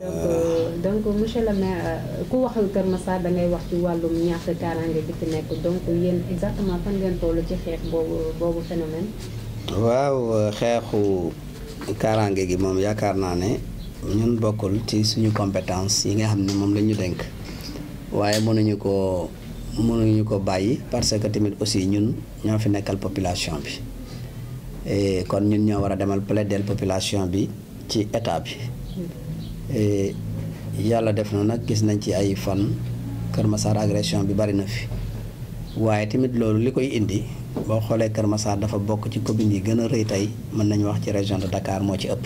donc euh, donc monsieur euh, wax ci wàllum waaw euh, xeexu kaaraange gi moom yaakaar naa ne ñun bokkul ci suñu compétence yi nga xam ne moom lañu dénk waaye mënuñu ko mënuñu ko bàyyi parce que tamit aussi ñun ñoo fi nekkal population bi kon ñun ñoo war a demal plaidel population bi ci état bi. Eh, yàlla def na nag gis nañ ci ay fan Kër Massar agression bi bari na fi waaye tamit loolu li koy indi boo xoolee Kër Massar dafa bokk ci commune yi gën a rëy tey mën nañu wax ci région de Dakar moo ci ëpp.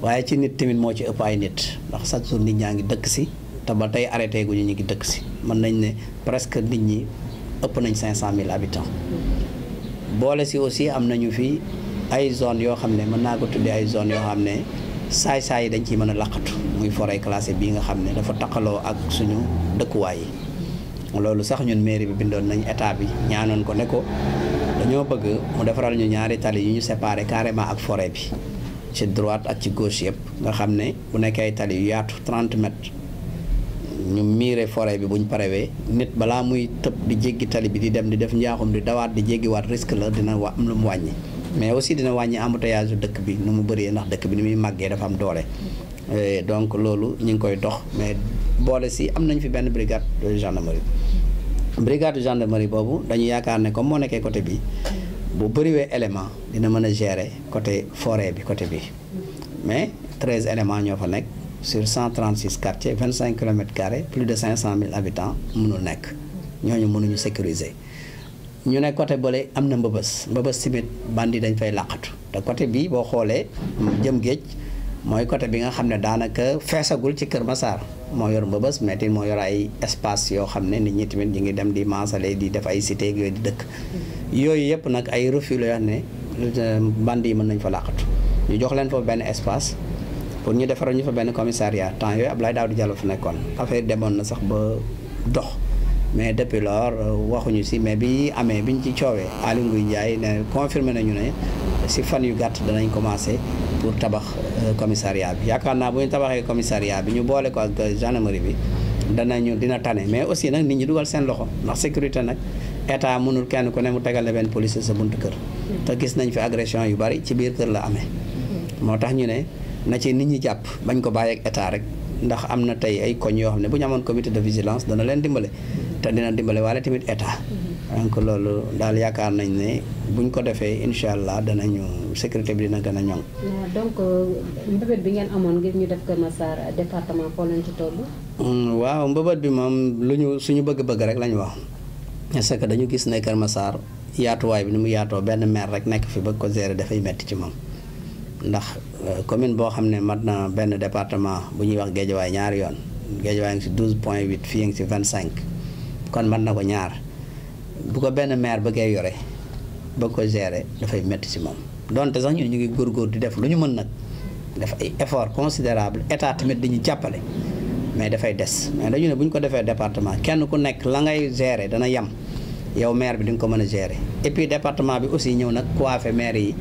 waaye ci nit tamit moo ci ëpp ay nit ndax chaque jour nit ñaa ngi dëkk si te ba tey arrêté guñu ñu ngi dëkk si mën nañ ne presque nit ñi ëpp nañ cinq 500000 habitants boole si aussi am nañu fi ay zone yoo xam ne mën naa ko tuddee ay zone yoo xam ne. saay-saay yi dañ ciy mën a laqatu muy forêt classée bii nga xam ne dafa taqaloo ak suñu dëkkuwaay yi loolu sax ñun mairie bi bindoon nañu état bi ñaanoon ko ne ko dañoo bëgg mu defaral ñu ñaari tali yu ñu séparé carrément ak fore bi ci droite ak ci gauche yëpp nga xam ne bu nekkee tali yu yaatu 30 mètres ñu miire forêt bi buñ parewee nit balaa muy tëb di jéggi tali bi di dem di def njaaxum di dawaat di jéggiwaat risque la dina wa am lu mu wàññi mais aussi dina wàññi embouteillage dëkk bi nu mu bëree ndax dëkk bi ni muy màggee dafa am doole. donc loolu ñu ngi koy dox mais boole si am nañ fi benn brigade de gendarmerie. brigade de gendarmerie boobu dañu yaakaar ne comme moo nekkee côté bi bu bëriwee élément dina mën a gérer côté forêt bi côté bi mais 13 éléments ñoo fa sur 136 quartiers 25 km carrés plus de 500 000 habitants mënul nekk ñooñu mënuñu sécuriser. ñu ne côté bële am na mbëbës mbëbës tamit bandi dañ fay làqatu te côté bii boo xoolee jëm géej mooy côté bi nga xam ne daanaka feesagul ci Kër Massar moo yor mbëbës mais tamit moo yor ay espace yoo xam ne nit ñi tamit ñu ngi dem di mansale di def ay cité yooyu di dëkk yooyu yëpp nag ay refus la ne euh, bandi yi mën nañ fa làqatu ñu jox leen foofu benn espace pour ñu defaral ñu fa benn commissariat temps yooyu Abdoulaye di Diallo fa nekkoon affaire demoon na sax ba dox mais depuis lors euh, waxuñu si mais bi amee ñu ci coowee Aly Ngouille Ndiaye ne confirmé nañu ne si fan yu gàtt danañ commencé pour tabax euh, commissariat bi yaakaar naa bu ñu tabaxee commissariat bi ñu boole ko ak euh, gendarmerie bi danañu dina tane mais aussi nag nit ñi dugal seen loxo ndax sécurité nag état mënul kenn ku ne mu tegal la benn police sa buntu kër. te gis nañ fi agression yu bari ci biir kër la amee. moo tax ñu ne na ci nit ñi jàpp bañ ko bàyyi ak rek ndax am na tey ay koñ yoo xam ne bu amoon comité de vigilance dana leen dimbale. te dina dimbale waale tamit état donc mhm. lolu dal yakar nañ né buñ ko défé inshallah allah danañu sécurité bi dina gëna ñong nah, donc mbëbët bi ngeen amone ngir ñu def ko Massar département foo lañ ci toll. Mm, waaw mbëbët bi mom luñu suñu bëgg-bëgg rek lañ wax parce que dañu gis né Kër Massar yaatu way bi ni mu yaato ben maire rek nek fi bëgg ko gérer da fay metti ci mom ndax euh, commune bo xamné ne ben département buñuy wax gédjaway ñaar yoon gédjaway ngi si 12 point ngi si 25. kon mën na ko ñaar bu ko benn maire bëggee yore bëgg ko gérer dafay metti ci moom donte sax ñun ñu ngi góorgóor di def lu ñu mën nag def ay effort considérable état tamit dañu jàppale mais dafay des mais dañu ne bu ñu ko defee département kenn ku nekk la ngay gérer dana yem yow maire bi di nga ko mën a gérer et puis département bi aussi ñëw nag coiffé maire yi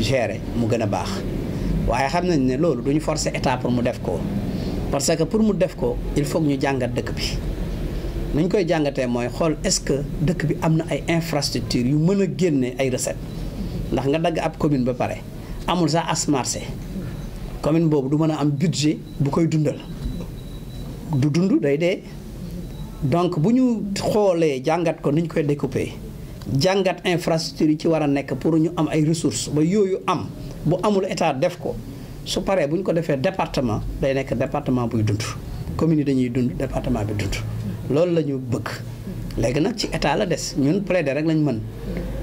gérer mu gën a baax waaye xam nañ ne loolu duñu forcer état pour mu def ko parce que pour mu def ko il faut ñu jàngat dëkk bi nañ koy jàngatee mooy xool est-ce que dëkk bi am na ay infrastructures yu mën a génne ay recettes ndax nga dagg ab commune ba pare amul sax as marché commune boobu du mën a am budget bu koy dundal du dund day dee donc bu ñu xoolee jàngat ko ni ñu koy découper jàngat infrastructure yi ci war a nekk pour ñu am ay ressource ba yooyu am bu amul état def ko su paree bu ñu ko defee département day nekk département buy dund commune yi dañuy dund département bi dund loolu la ñu bëgg léegi nag ci état la des ñun plaider rek lañ mën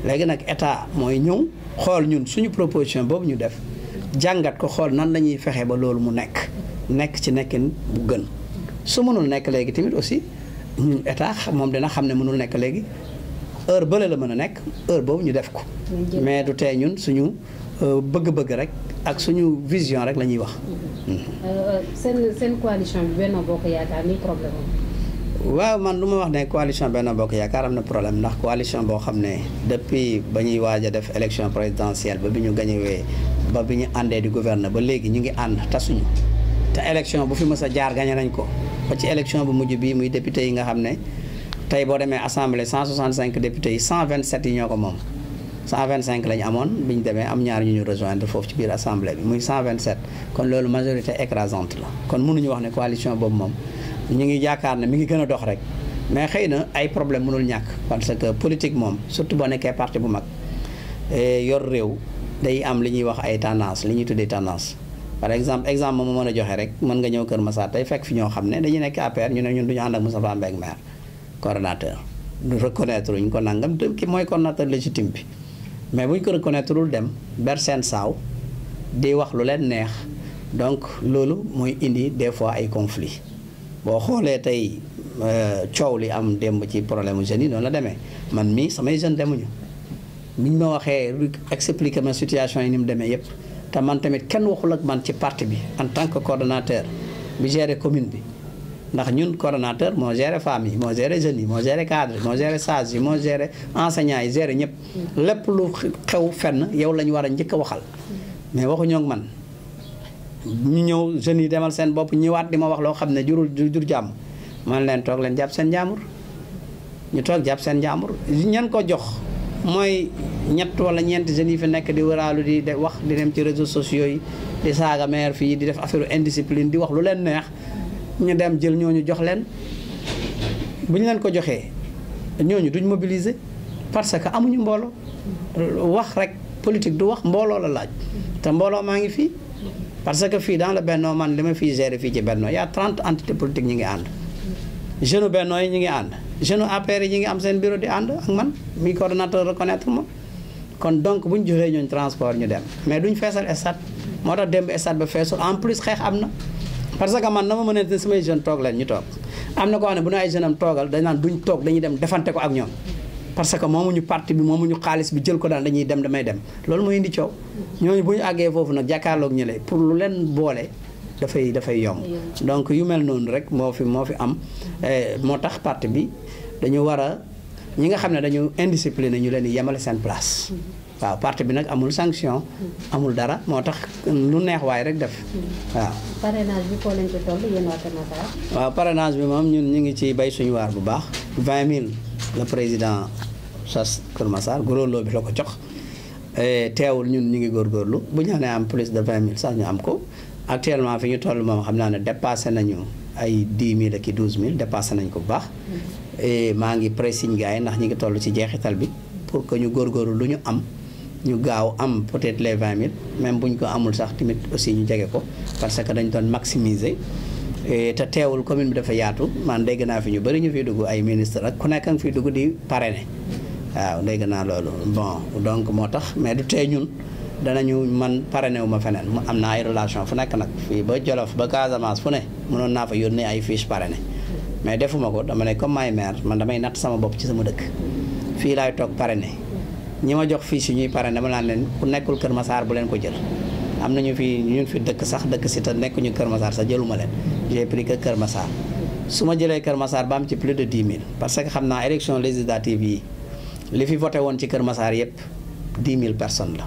léegi nag état mooy ñëw xool ñun suñu proposition boobu ñu def jàngat ko xool nan la ñuy fexe ba loolu mu nekk nekk ci nekkin bu gën su mënul nekk léegi tamit aussi ñun état moom dina xam ne mënul nekk léegi heure bële la mën a nekk heure boobu ñu def ko mais du tee ñun suñu euh, bëgg-bëgg rek ak suñu vision rek la ñuy wax euh, euh, seen seen waaw man lu ma wax ne coalition benn Bokk Yaakaar na problème ndax coalition boo xam ne depuis ba ñuy waaj a def élection présidentielle ba bi ñu gañewee ba bi ñu àndee di gouverner ba léegi ñu ngi ànd tasuñu te élection bu fi mës a jaar gañe nañ ko ba ci élection bu mujj bii muy député yi nga xam ne tey boo demee assemblée 165 députés yi 127 yi ñoo ko moom 125 lañu amoon bi ñu demee am ñaar ñu ñu rejoindre foofu ci biir assemblée bi muy 127 kon loolu majorité écrasante la kon mënuñu wax ne coalition boobu moom ñi ngi yaakaar ne mi ngi gën a dox rek mais xëy na ay problème mënul ñàkk parce que politique moom surtout boo nekkee parti bu mag eh, yor réew day am li ñuy wax ay tendance li ñuy tuddee tendance par exemple exemple moom mën a joxe rek mën nga ñëw Kër Massa tey fekk fi ñoo xam ne dañu nekk APR ñu ne ñun duñu ànd ak Moussa Mbeng maire coordinateur du reconnaître ñu ko nangam ki mooy coordinateur légitime bi mais buñ ko reconnaîtreul dem ber seen saw di wax lu leen neex donc loolu mooy indi des fois ay conflits boo xoolee tey euh, coow li am démb ci problème jeunes yi noonu la demee man mii samay jeunes demuñu biñ ma waxee expliqué ma situation yi ni mu demee yëpp te man tamit kenn waxul ak man ci parti bi en tant que coordonnateur bi géré commune bi ndax ñun coordonnateur moo géré femmes yi moo géré jeunes yi moo géré cadres moo géré sages yi moo géré enseignants yi géré ñëpp lépp lu xew fenn yow la ñu war a njëkk a waxal mais waxuñoo ak man ñu ñëw jeunes yi demal seen bop ñewat di mawak wax lo xamne juru jurul jur jam man len tok len japp seen jamur ñu tok japp seen jamur ñan ko jox moy ñett wala ñent jeune yi fi nek di wëraalu di wax di dem ci réseaux sociaux yi di saga maire fi di def affaire indiscipline di wax lu len neex ñu dem jël ñoñu jox len buñ len ko joxé ñoñu duñ mobiliser parce que amuñu mbolo wax rek politique du wax mbolo la laaj te mbolo ma ngi fi parce que fi dans le Benno man li fi fii gérer fii ci Benno y' a trente entités politiques ñi ngi and jeune Benno ñi ngi and jeune APR ñi ngi am seen bureau di and ak man mi coordinateur reconnaître mo kon donc bu ñu joxee transport ñu dem mais duñ feesal estat moo tax démb stade ba feesul en plus xex amna parce que man na ma mën a samay jeune tok lañ ñu tok amna ko xam bu no ay jeune am togal dañ nan duñ tok dañuy dem defante ko ak ñom parce que moomuñu parti bi moomuñu xaalis bi jël ko daan dañuy dem damay dem loolu moo indi coow ñooñu bu àggee foofu nag jàkkaarloog ñu lay pour lu leen boole dafay dafay yomb donc yu mel noonu rek moo fi moo fi am eh, moo tax parti bi dañu war a ñi nga xam ne dañu indiscipliné ñu leen di yemale seen place waaw parti bi nag amul sanction amul dara moo tax lu neex waaye rek def waaw parenage bi foo moom ñun ñu ngi ci bay suñu waar bu baax vingt mille le président sas Kër Massar góorloo bi la ko jox eh, teewul ñun ñu ngi góor góorgóorlu bu ñu nee am plus de vingt mille sax ñu am ko actuellement fi ñu toll moom xam naa ne dépassé nañu ay dix mille ak i douze mille dépassé nañ ko bu baax. Eh, maa ngi pressing gars yi ndax ñu ngi toll ci jeexital bi pour que ñu góor góorgóorlu lu ñu am. ñu gaaw am peut-être les vingt mille même bu ñu ko amul sax tamit aussi ñu jege ko parce que dañ doon maximiser eh, te teewul commune bi dafa yaatu man dégg naa f ñu bëri ñu ay ministre ak ku waaw dégg naa loolu bon donc moo tax mais du tee ñun danañu man parrainé wu ma feneen mu am naa ay relation fu nekk nag fii ba Jolof ba Casamance fu ne mënoon naa fa yónnee ay fiche parrainé mais defuma ko dama ne comme maay man damay natt sama bopp ci sama dëkk fii laay toog parrainé ñi ma jox fiche yi ñuy parrainé dama naan leen ku nekkul Kër Massar bu leen ko jël am nañu fi ñun fi dëkk sax dëkk si te nekkuñu Kër Massar sax jëluma leen j'ai pris que Kër Massar su ma jëlee Kër Massar ba am ci plus de 10 000 parce que xam naa élection législative yi li fi voté woon ci Kër Massar yëpp dix mille personne la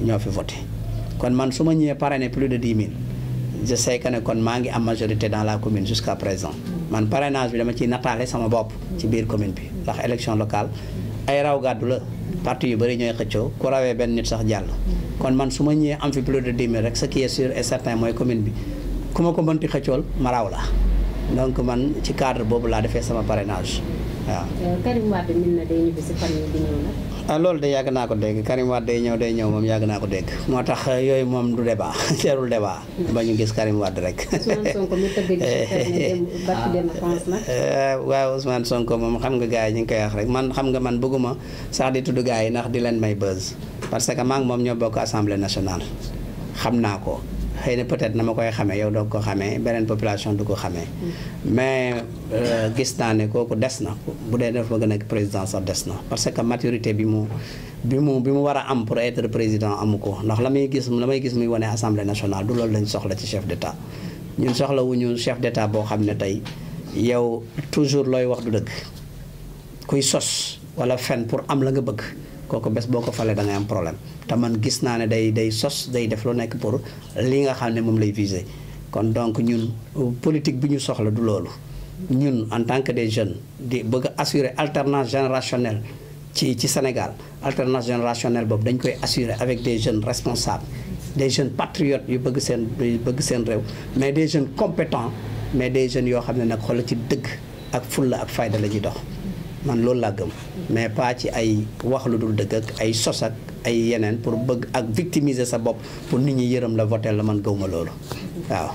ñoo fi voté kon man su ma ñëwee parrainé plus de dix mille je sais que ne kon maa ngi am majorité dans la commune jusqu'à présent man parrainage bi dama ciy nataale sama bopp ci biir commune bi ndax élection locale ay raw gàddu la parti yu bëri ñooy xëccoo ku rawee benn nit sax jàll kon man su ma ñëwee am fi plus de dix mille rek ce qui est sûr et certain mooy commune bi ku ma ko mënti xëccool ma raw la donc man ci cadre boobu laa defee sama parrainage waaw. Euh, Karim na day ah, loolu de yàgg naa ko dégg Karim Wade day ñëw day ñëw moom yàgg naa ko dégg. moo tax euh, yooyu moom du débat seerul débat. ba ñu gis Karim Wade rek. Ousmane Sonko mi tëgg euh, waaw Sonko moom xam nga gars yi ñu ngi koy wax rek man xam nga man bëgguma sax di tudd gars ndax di leen may buzz parce que maa moom ñoo bokk assemblée nationale xam naa ko. xëy na peut-être na ma koy xamee yow doo ko xamee beneen population du ko xamee mm. mais euh, gis naa ne kooku des na bu dee dafa bëgg nekk président sax des na parce que maturité bi mu bi mu bi mu war a am pour être président amu ko ndax la muy gis la may gis muy wane assemblée nationale du loolu lañ soxla ci chef d'état ñun soxla wuñu chef d'état boo xam ne tey yow toujours looy wax du dëkk kuy sos wala fen pour am la nga bëgg kooku bés boo ko falee da ngay am problème te man gis naa ne day day sos day def lu nekk pour li nga xam ne lay viser kon donc ñun politique bi ñu soxla du loolu ñun en tant que des jeunes di bëgg assurer alternance générationnelle ci ci Sénégal alternance générationnelle boobu dañ koy assurer avec des jeunes responsables des jeunes patriotes yu bëgg seen bëgg seen réew mais des jeunes compétents mais des jeunes yoo xam ne nag xoolal ci dëgg ak fulla ak fayda la ñuy dox man loolu laa gëm mais pas ci ay wax lu dul dëgg ak ay sos ak ay yeneen pour bëgg ak victimiser sa bopp pour nit ñi yërëm la voter la man gëwma loolu waaw